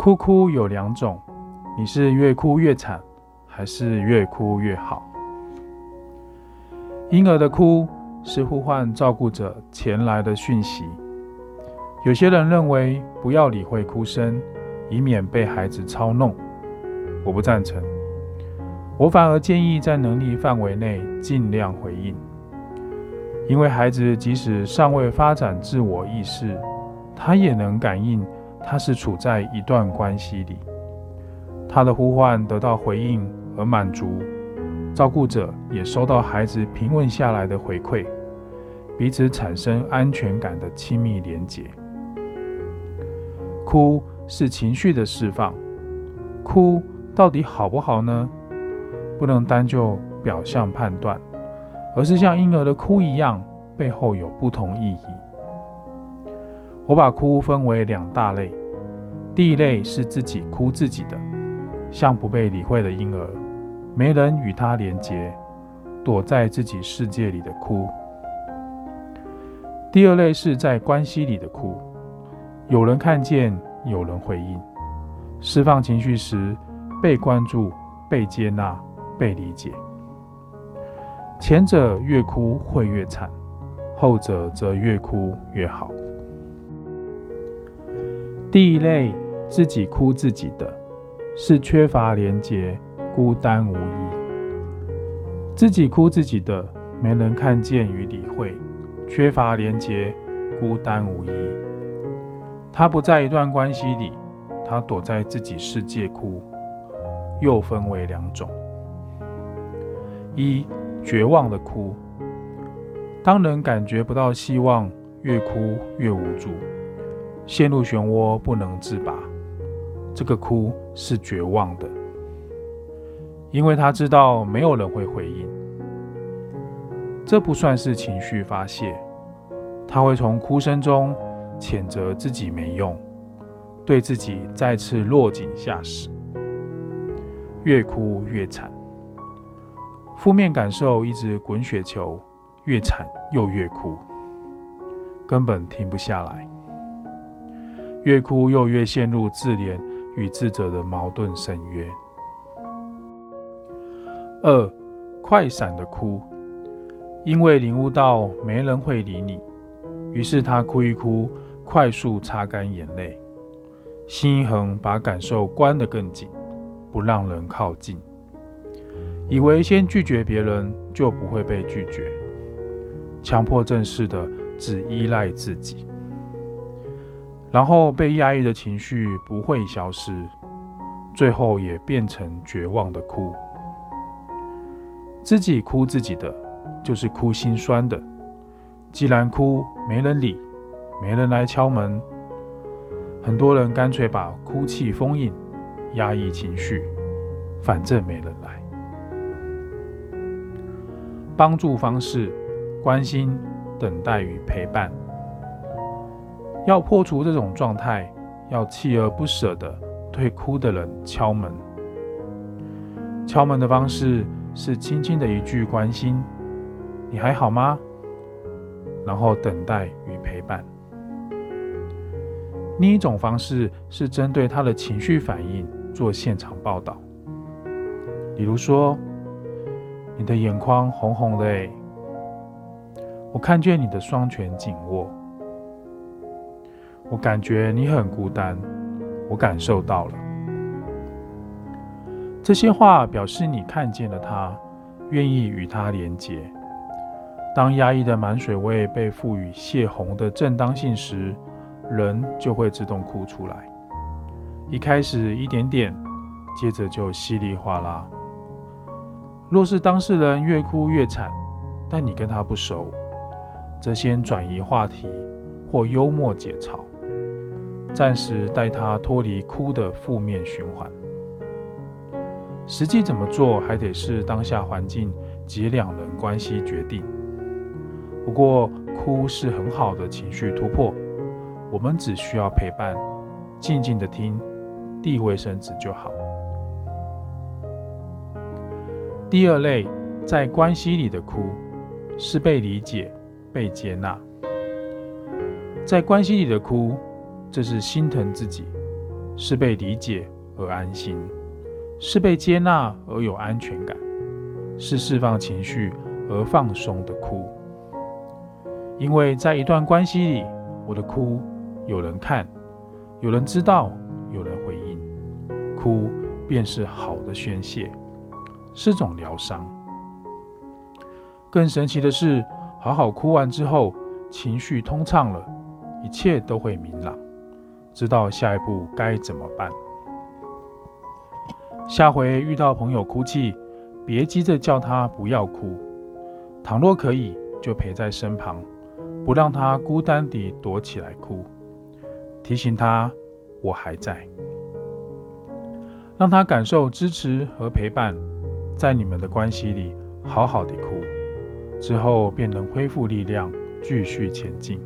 哭哭有兩種，你是越哭越慘，還是越哭越好？嬰兒的哭是呼喚照顧者前來的訊息。有些人認為不要理會哭聲，以免被孩子操弄。我不贊成，我反而建議在能力範圍內盡量回應，因為孩子即使尚未發展自我意識，他也能感應。他是處在一段關係裡，他的呼喚得到回應和滿足，照顧者也收到孩子平穩下來的回饋，彼此產生安全感的親密連結。哭是情緒的釋放，哭到底好不好呢？不能單就表象判斷，而是像嬰兒的哭一樣，背後有不同意義。我把哭分為兩大類，第一類是自己哭自己的，像不被理會的嬰兒，沒人與他連接，躲在自己世界裡的哭。第二類是在關係裡的哭，有人看見，有人回應，釋放情緒時被關注、被接納、被理解。前者越哭會越慘，後者則越哭越好。第一類，自己哭自己的，是缺乏連接，孤單無依。自己哭自己的，沒人看見與理會，缺乏連接，孤單無依。他不在一段關係裡，他躲在自己世界哭。又分為兩種：一，絕望的哭。當人感覺不到希望，越哭越無助。陷入漩渦不能自拔，這個哭是絕望的，因為他知道沒有人會回應。這不算是情緒發洩，他會從哭聲中譴責自己沒用，對自己再次落井下石，越哭越慘，負面感受一直滾雪球，越慘又越哭，根本停不下來。越哭，又越陷入自憐與自責的矛盾深淵。二，快閃的哭，因為領悟到沒人會理你，於是他哭一哭，快速擦乾眼淚，心一橫，把感受關得更緊，不讓人靠近。以為先拒絕別人，就不會被拒絕。強迫症似的，只依賴自己。然後被壓抑的情緒不會消失，最後也變成絕望的哭。自己哭自己的，就是哭心酸的。既然哭，沒人理，沒人來敲門。很多人乾脆把哭泣封印，壓抑情緒，反正沒人來。幫助方式：關心、等待與陪伴。要破除這種狀態，要鍥而不捨的對哭的人敲門。敲門的方式是輕輕的一句關心：“你還好嗎？”然後等待與陪伴。另一種方式是針對他的情緒反應做現場報道，比如說：“你的眼眶紅紅的誒，誒我看見你的雙拳緊握。”我感覺你很孤單，我感受到了。這些話表示你看見了他，願意與他連結。當壓抑的滿水位被賦予洩洪的正當性時，人就會自動哭出來。一開始一點點，接着就稀里嘩啦。若是當事人越哭越慘，但你跟他不熟，則先轉移話題或幽默解嘲。暫時帶他脫離哭的負面循環，實際怎麼做還得是當下環境及兩人關係決定。不過哭是很好的情緒突破，我們只需要陪伴，靜靜地聽，遞衛生紙就好。第二類，在關係裡的哭，是被理解、被接納，在關係裡的哭。這是心疼自己，是被理解而安心，是被接納而有安全感，是釋放情緒而放鬆的哭。因為在一段關係裡，我的哭有人看，有人知道，有人回應，哭便是好的宣洩，是種療傷。更神奇的是，好好哭完之後，情緒通暢了，一切都會明朗。知道下一步該怎麼辦。下回遇到朋友哭泣，別急着叫他不要哭，倘若可以，就陪在身旁，不讓他孤單地躲起來哭，提醒他我還在，讓他感受支持和陪伴，在你們的關係裡好好的哭，之後便能恢復力量，繼續前進。